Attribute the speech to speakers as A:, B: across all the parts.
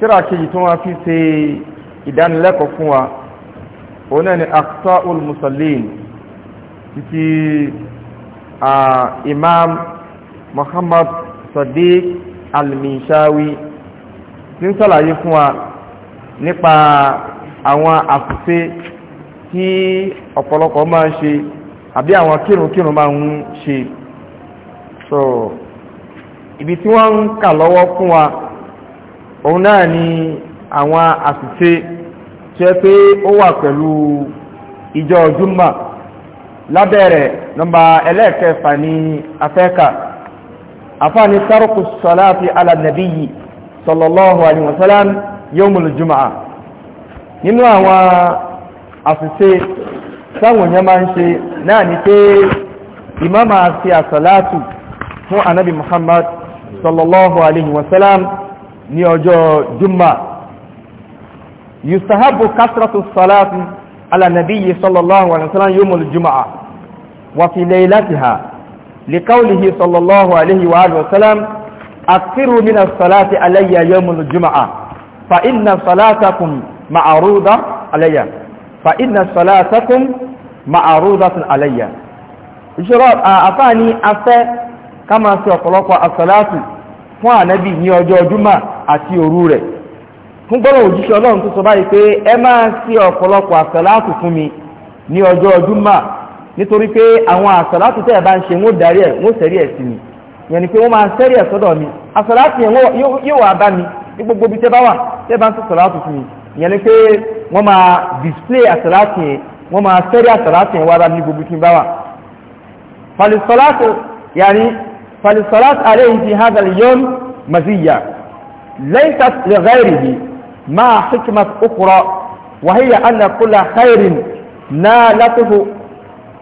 A: tíra kejì tó wọ́n fi ṣe ìdánilẹ́kọ̀ọ́ fún wa òun náà ni akhtaul musallin títí imam muhammad sadiq al-minshawi tí ń sàlàyé fún wa nípa àwọn àfúfé tí ọ̀pọ̀lọpọ̀ máa ń ṣe àbí àwọn kírunkírun máa ń ṣe so ibi tí wọ́n ń kà lọ́wọ́ fún wa òun náà ni àwọn àṣìṣe tí ó pé ó wà pẹ̀lú ìjọ júmọ̀ lábẹ́rẹ̀ nọmba ẹlẹ́ẹ̀kẹfà ní afẹ́kà afáàní tárùkù sọláàfi alànàbíyì sallallahu alaihi wasallam yawmul jùmọ̀ nínú àwọn àṣìṣe sáwọn èèyàn máa ń ṣe náà ni pé ìmáàmà àti àsàlátù fún anábì muhammad sallallahu alaihi ní ọjọ́ juma yustahabu kasratu salati ala nabiyyi sallallahu alaihi wasallam yawmul jumu'ah wa fi laylatiha liqawlihi sallallahu alaihi wa alihi wasallam akthiru min as-salati alayya yawmul jumu'ah fa inna salatakum ma'ruda alayya fa inna salatakum ma'rudatun alayya ìṣòro àfáà ọ̀pọ̀lọpọ̀ as fún ànábì ní ọjọ́ júmà àti òru rẹ̀ fún gbọ́nà òjíṣẹ́ ọlọ́run tó sọ báyìí pé ẹ máa sí ọ̀pọ̀lọpọ̀ àsàlátù fún mi ní ọjọ́ nítorí pé àwọn àsàlátù tẹ́ bá ń ṣe wọ́n darí ẹ̀ wọ́n sẹ́rí ẹ̀ sí mi ni pé wọ́n máa sẹ́rí ẹ̀ sọ́dọ̀ mi àsàlátù yẹn yóò wà bá mi ní gbogbo bá wà bá ń fún mi ni pé wọ́n máa display àsàlátù yẹn wọ́n máa sẹ́rí àsàlátù yẹn bá mi bá wà. فالصلاة عليه في هذا اليوم مزية ليست لغيره مع حكمة أخرى وهي أن كل خير نالته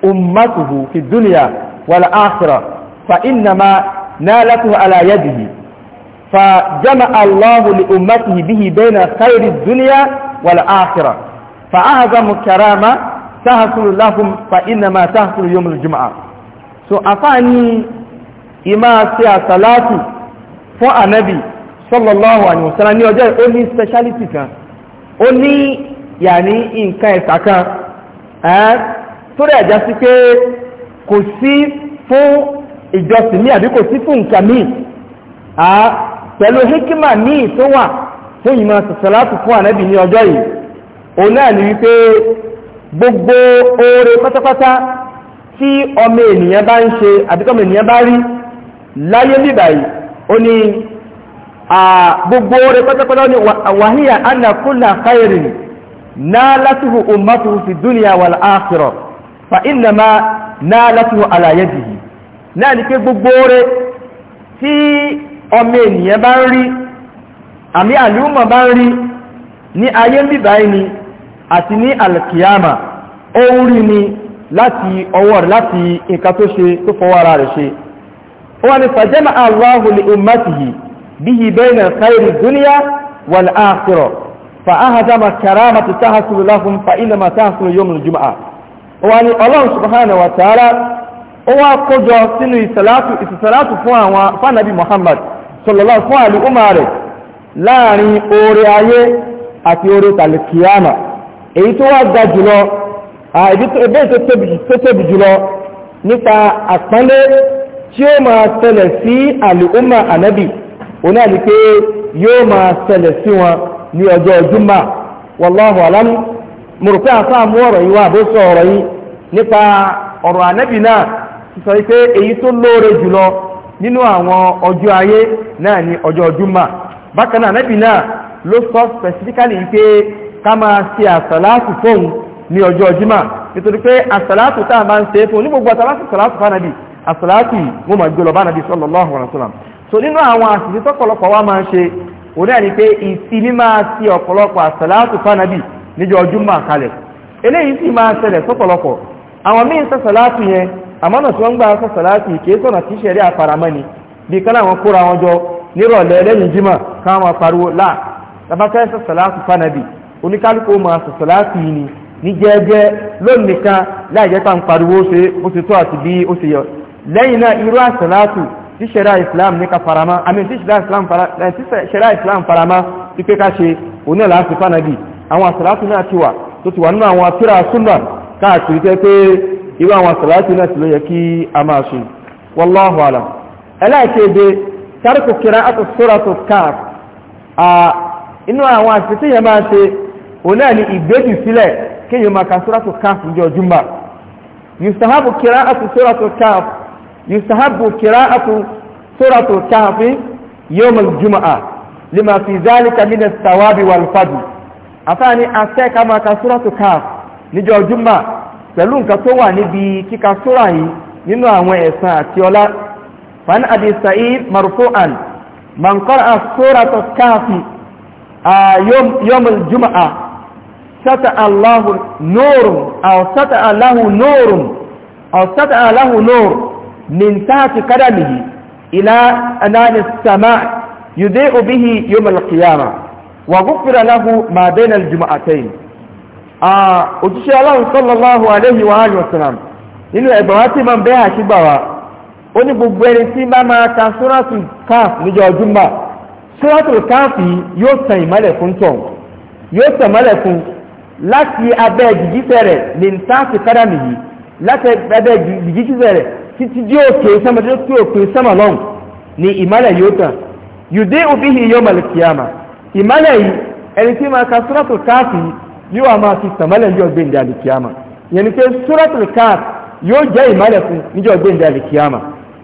A: أمته في الدنيا والآخرة فإنما نالته على يده فجمع الله لأمته به بين خير الدنيا والآخرة فأعظم كرامة تحصل لهم فإنما تحصل يوم الجمعة سو so, أفاني ìmáa ṣe àsàlátù fún ànábì sallallahu alaihi wasallam ní ọjọ́ ó ní speciality kan ó ní yàní nǹkan ẹ̀sà kan tó rẹ̀ já sí pé kò sí fún ìjọsìn ní àbí kò sí fún nǹkan míì pẹ̀lú hikima míì tó wà fún ìmọ̀ sàṣàlátù fún ànábì ní ọjọ́ yìí òun náà ni wípé gbogbo oore pátápátá tí ọmọ ènìyàn bá ń ṣe àbíkọ́mọ ènìyàn bá rí láyé níbàyí ó ní gbogbo rẹ̀ pátápátá ní wàhíyà anna kulla khairin nalatuhu ummatuhu fi dunya wal akhirah fa innama nalatuhu ala yadihi náà ni pé gbogbo rẹ̀ tí ọmọ ènìyàn bá ń rí àmì àlúmọ̀ bá ń rí ní ayé níbàyí ni àti ní alkiyama ó ń rí ni láti ọwọ́ rẹ̀ láti nǹkan tó ṣe tó fọwọ́ ara rẹ̀ ṣe wọ́n ni fàjẹ́mà Allahu li ummatihi bihi bayna khayri dunya wal akhirah fa ahadama karamatu tahsulu lahum fa inna ma tahsulu yawm al jum'ah wọ́n ni Allah subhanahu wa ta'ala ó wá kójọ sínú ìsàlátù fún àwọn fánàbí Muhammad sallallahu fún àlú umaru láàrin oore ayé àti oore tàlìkìyàmà èyí tó wá ga jùlọ àìbí tó tóbi jùlọ nípa àpánlé tí ó máa ṣẹlẹ̀ sí àlùkùnmà ànábì òun náà ni pé yóò máa ṣẹlẹ̀ sí wọn ní ọjọ́ júmà wallahu alam mo rò pé àfáà mú ọ̀rọ̀ yìí wá bó sọ ọ̀rọ̀ yìí nípa ọ̀rọ̀ ànábì náà sọ pé èyí tó lóore jùlọ nínú àwọn ọjọ́ ayé náà ni ọjọ́ júmà bákan náà ànábì náà ló sọ specifically pé ká máa ṣe àsàlátù fóun ní ọjọ́ júmà nítorí pé àsàlátù tá máa ń ṣe fún ní gbogbo àsàlátù sàlátù fánàbì Asalati wọ́n máa gbé lọ bá nàbí sallallahu so nínú àwọn àṣìṣe tọ́pọ̀lọpọ̀ wa máa ń ṣe òun náà ni pé ìsì ní máa sí ọ̀pọ̀lọpọ̀ àsàlátù fánàbí níjọ́ Jímọ̀ kalẹ̀ eléyìí sì máa ṣẹlẹ̀ tọ́pọ̀lọpọ̀ àwọn míín sàsàlátù yẹn àmọ́nà tí wọ́n gbà sàsàlátù kìí sọ̀nà tí ṣẹ̀rí àfaramọ́ni bí kálá àwọn kóra wọn jọ nírọ̀lẹ́ lẹ́yìn jímọ̀ káwọn pariwo láà tàbátẹ́ sàsàlátù fánàbí oníkálùkù máa sàsàlátù yìí ni ní jẹ́ẹ́jẹ́ lónìí kan láìjẹ́ ń pariwo ó ti tó àti bí ó ti yọ lẹ́yìn náà irú àsàlátù shari'a islam farama àmì tí islam eh, farama ti wà tó ti wà nínú àwọn tíra súnà káàkiri tẹ́ pé irú àwọn àsàlátù náà a máa wallahu alam ẹlẹ́ẹ̀kẹ́gbẹ́ tárkù kira àti sóràtù káàf inú àwọn àṣìṣe ni ìgbéjù ka yustahabu yustahabbu qira'atu suratul kahfi yawm al-jum'ah lima fi dhalika min as-sawabi wal fadl afani ase kama ka suratul kahf níjọ́ juma pẹ̀lú nǹkan tó wà níbi kíka sura yìí nínú àwọn ẹ̀san àti ọlá fan abi sa'id marfu'an man qara'a suratul kahfi yawm al-jum'ah sata'a Allahu nurun aw sata'a lahu nurun aw sata'a lahu nurun من تحت قدمه إلى أنان السماء يضيء به يوم القيامة وغفر له ما بين الجمعتين òjíṣẹ́ aláhùn الله صلى الله عليه wasalam وسلم. ẹ̀bọ̀wá tí ma ń bẹ́ àṣígbà wa ó ní gbogbo ẹni tí bá máa ta sóràtù káf níjọ ọdúnmà sóràtù káfì yóò tàn ìmọ́lẹ̀ fún tọ̀ yóò tàn mọ́lẹ̀ fún láti abẹ́ jìjísẹ̀ rẹ̀ ní táàkì kádàmì yìí láti abẹ́ jìjísẹ̀ rẹ̀ títí dé òkè sánmà tí ó tó òkè sánmà lọ́hùn ni ìmálẹ̀ yóò tàn yùdé òbíhì yóò mọ̀lẹ̀ kìyàmà ìmálẹ̀ yìí ẹni tí máa ka suratul káàfì yóò wà máa fi tàmálẹ̀ yóò gbé ìdí àlìkìyàmà yẹn ni pé suratul káàfì yóò jẹ́ ìmálẹ̀ fún níjọ́ gbé ìdí àlìkìyàmà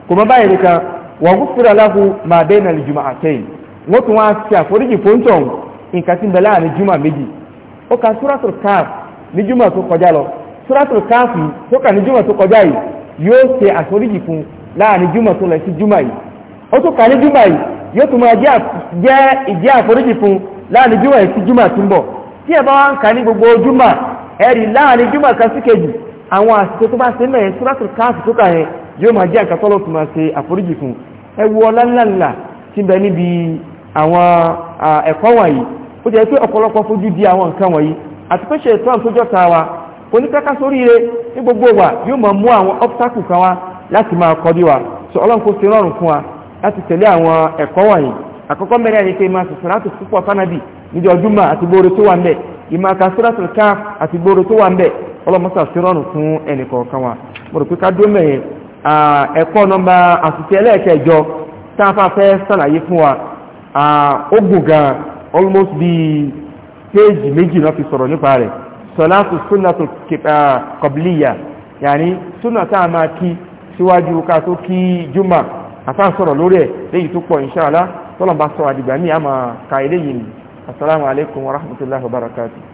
A: kò mọ báyìí nìkan wọ́n kú fúra láhu máa bẹ́ẹ̀ nà lìjùmọ̀ àtẹ́yìn wọ́n tún wá ṣe àforíjì fóńtọ̀n nǹkan tí ń bẹ jùmọ̀ méjì ó ka suratul káàfì ní jùmọ̀ tó kọjá lọ suratul káàfì tó kà ní jùmọ̀ tó kọjá yìí yóò ṣe àforíjì fún láàrin júmọ̀ tó lọ sí júmọ̀ yìí ó tún kà ní júmọ̀ yìí yóò tún máa jẹ́ ìjẹ́ àforíjì fún láàrin júmọ̀ yìí sí júmọ̀ tó ń bọ̀ tí ẹ bá wá ń kà ní gbogbo júmọ̀ ẹ̀rì láàrin júmọ̀ kan sí kejì àwọn àsìkò tó bá ṣe mẹ́rin suratul káàfì tó kà yẹn yóò máa jẹ́ nǹkan tọ́lọ́ tó máa kò ní pẹ́ká sórí rẹ̀ ní gbogbo wa awọn máa mú àwọn obstacle kan wá láti máa kọjú wa so ọlọ́run kó ṣe rọrùn fún wa láti tẹ̀lé àwọn ẹ̀kọ́ wọ̀nyí àkọ́kọ́ mẹ́rin ni pé máa sọ̀sọ̀ láti púpọ̀ fánàbì wa a almost méjì náà fi sọ̀rọ̀ sọ̀látù súnàtù kọ̀blíyà yàní súnàtà máa kí síwájú ká tó kí jùmà àtàn sọ̀rọ̀ lórí ẹ̀ léyìí tó pọ̀ inṣáàlá tọ́lọ̀mbá sọ àdìgbà ní àmà ka eléyìí assalamu alaikum wa rahmatullahi